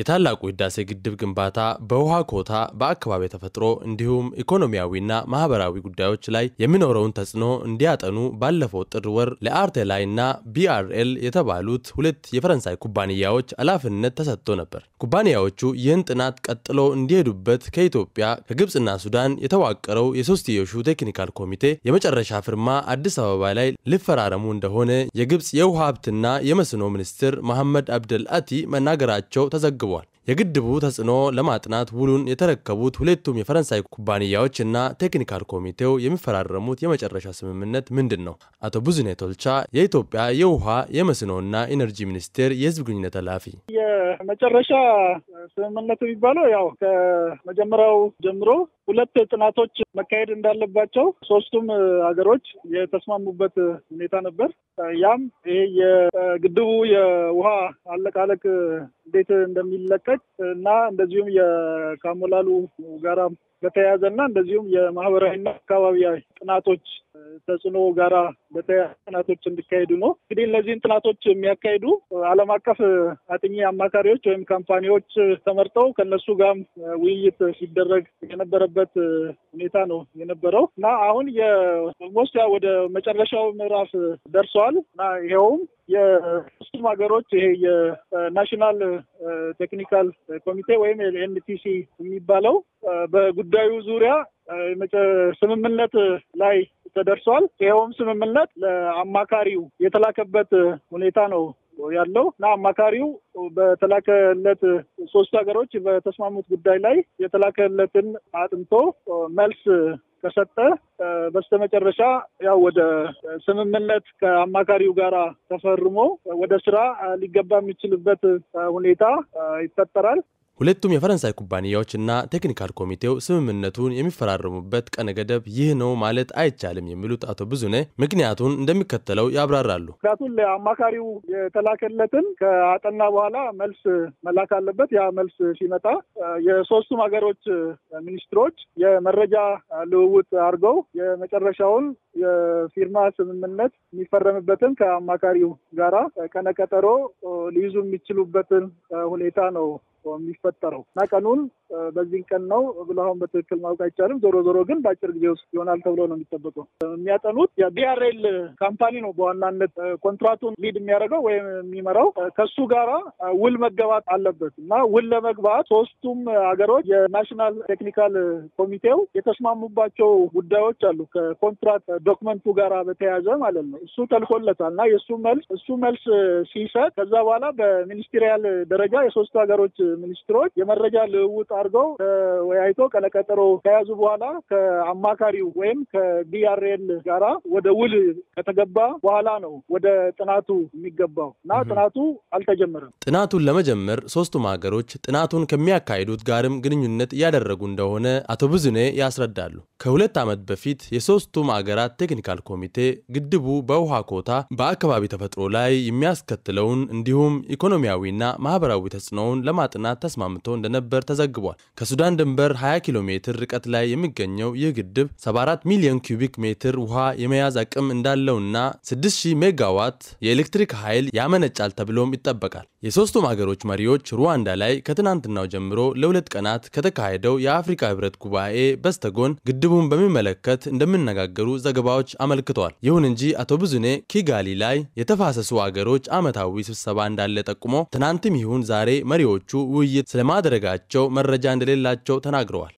የታላቁ ህዳሴ ግድብ ግንባታ በውሃ ኮታ፣ በአካባቢ ተፈጥሮ እንዲሁም ኢኮኖሚያዊና ማህበራዊ ጉዳዮች ላይ የሚኖረውን ተጽዕኖ እንዲያጠኑ ባለፈው ጥር ወር ለአርቴላይ እና ቢአርኤል የተባሉት ሁለት የፈረንሳይ ኩባንያዎች ኃላፊነት ተሰጥቶ ነበር። ኩባንያዎቹ ይህን ጥናት ቀጥሎ እንዲሄዱበት ከኢትዮጵያ ከግብፅና ሱዳን የተዋቀረው የሶስትዮሹ ቴክኒካል ኮሚቴ የመጨረሻ ፍርማ አዲስ አበባ ላይ ሊፈራረሙ እንደሆነ የግብፅ የውሃ ሀብትና የመስኖ ሚኒስትር መሐመድ አብደል አቲ መናገራቸው ተዘግቧል። አስመዝግቧል። የግድቡ ተጽዕኖ ለማጥናት ውሉን የተረከቡት ሁለቱም የፈረንሳይ ኩባንያዎች እና ቴክኒካል ኮሚቴው የሚፈራረሙት የመጨረሻ ስምምነት ምንድን ነው? አቶ ብዙኔ ቶልቻ የኢትዮጵያ የውሃ የመስኖና ኢነርጂ ሚኒስቴር የህዝብ ግንኙነት ኃላፊ። የመጨረሻ ስምምነቱ የሚባለው ያው ከመጀመሪያው ጀምሮ ሁለት ጥናቶች መካሄድ እንዳለባቸው ሶስቱም ሀገሮች የተስማሙበት ሁኔታ ነበር። ያም ይሄ የግድቡ የውሃ አለቃለቅ እንዴት እንደሚለቀቅ እና እንደዚሁም የካሞላሉ ጋራ በተያያዘ እና እንደዚሁም የማህበራዊና አካባቢያዊ ጥናቶች ተጽዕኖ ጋራ በተያያዙ ጥናቶች እንዲካሄዱ ነው። እንግዲህ እነዚህን ጥናቶች የሚያካሂዱ ዓለም አቀፍ አጥኚ አማካሪዎች ወይም ካምፓኒዎች ተመርጠው ከነሱ ጋርም ውይይት ሲደረግ የነበረበት ሁኔታ ነው የነበረው እና አሁን የሞስ ወደ መጨረሻው ምዕራፍ ደርሰዋል እና ይኸውም የሶስቱም ሀገሮች ይሄ የናሽናል ቴክኒካል ኮሚቴ ወይም ኤንቲሲ የሚባለው በጉዳዩ ዙሪያ ስምምነት ላይ ተደርሷል። ይኸውም ስምምነት ለአማካሪው የተላከበት ሁኔታ ነው ያለው እና አማካሪው በተላከለት ሶስት ሀገሮች በተስማሙት ጉዳይ ላይ የተላከለትን አጥንቶ መልስ ከሰጠ በስተመጨረሻ ያው ወደ ስምምነት ከአማካሪው ጋራ ተፈርሞ ወደ ስራ ሊገባ የሚችልበት ሁኔታ ይፈጠራል። ሁለቱም የፈረንሳይ ኩባንያዎች እና ቴክኒካል ኮሚቴው ስምምነቱን የሚፈራረሙበት ቀነ ገደብ ይህ ነው ማለት አይቻልም የሚሉት አቶ ብዙነ ምክንያቱን እንደሚከተለው ያብራራሉ። ምክንያቱም ለአማካሪው የተላከለትን ከአጠና በኋላ መልስ መላክ አለበት። ያ መልስ ሲመጣ የሶስቱም ሀገሮች ሚኒስትሮች የመረጃ ልውውጥ አድርገው የመጨረሻውን የፊርማ ስምምነት የሚፈረምበትን ከአማካሪው ጋራ ቀነ ቀጠሮ ሊይዙ የሚችሉበትን ሁኔታ ነው የሚፈጠረው እና ቀኑን በዚህን ቀን ነው ብሎ አሁን በትክክል ማወቅ አይቻልም። ዞሮ ዞሮ ግን በአጭር ጊዜ ውስጥ ይሆናል ተብሎ ነው የሚጠበቀው። የሚያጠኑት የቢአርኤል ካምፓኒ ነው በዋናነት ኮንትራቱን ሊድ የሚያደርገው ወይም የሚመራው። ከሱ ጋራ ውል መገባት አለበት እና ውል ለመግባት ሶስቱም ሀገሮች የናሽናል ቴክኒካል ኮሚቴው የተስማሙባቸው ጉዳዮች አሉ። ከኮንትራት ዶክመንቱ ጋራ በተያያዘ ማለት ነው። እሱ ተልኮለታል እና የእሱ መልስ እሱ መልስ ሲሰጥ ከዛ በኋላ በሚኒስትሪያል ደረጃ የሶስቱ ሀገሮች ሚኒስትሮች የመረጃ ልውውጥ አድርገው ተወያይቶ ቀለቀጠሮ ከያዙ በኋላ ከአማካሪው ወይም ከዲአርኤል ጋራ ወደ ውል ከተገባ በኋላ ነው ወደ ጥናቱ የሚገባው እና ጥናቱ አልተጀመረም። ጥናቱን ለመጀመር ሶስቱም ሀገሮች ጥናቱን ከሚያካሂዱት ጋርም ግንኙነት እያደረጉ እንደሆነ አቶ ብዙኔ ያስረዳሉ። ከሁለት ዓመት በፊት የሶስቱም ሀገራት ቴክኒካል ኮሚቴ ግድቡ በውሃ ኮታ በአካባቢ ተፈጥሮ ላይ የሚያስከትለውን እንዲሁም ኢኮኖሚያዊና ማህበራዊ ተጽዕኖውን ለማጥ ትናንትና ተስማምቶ እንደነበር ተዘግቧል። ከሱዳን ድንበር 20 ኪሎ ሜትር ርቀት ላይ የሚገኘው ይህ ግድብ 74 ሚሊዮን ኪዩቢክ ሜትር ውሃ የመያዝ አቅም እንዳለውና 6000 ሜጋዋት የኤሌክትሪክ ኃይል ያመነጫል ተብሎም ይጠበቃል። የሶስቱም ሀገሮች መሪዎች ሩዋንዳ ላይ ከትናንትናው ጀምሮ ለሁለት ቀናት ከተካሄደው የአፍሪካ ህብረት ጉባኤ በስተጎን ግድቡን በሚመለከት እንደሚነጋገሩ ዘገባዎች አመልክተዋል። ይሁን እንጂ አቶ ብዙኔ ኪጋሊ ላይ የተፋሰሱ ሀገሮች ዓመታዊ ስብሰባ እንዳለ ጠቁሞ ትናንትም ይሁን ዛሬ መሪዎቹ ውይይት ስለማድረጋቸው መረጃ እንደሌላቸው ተናግረዋል።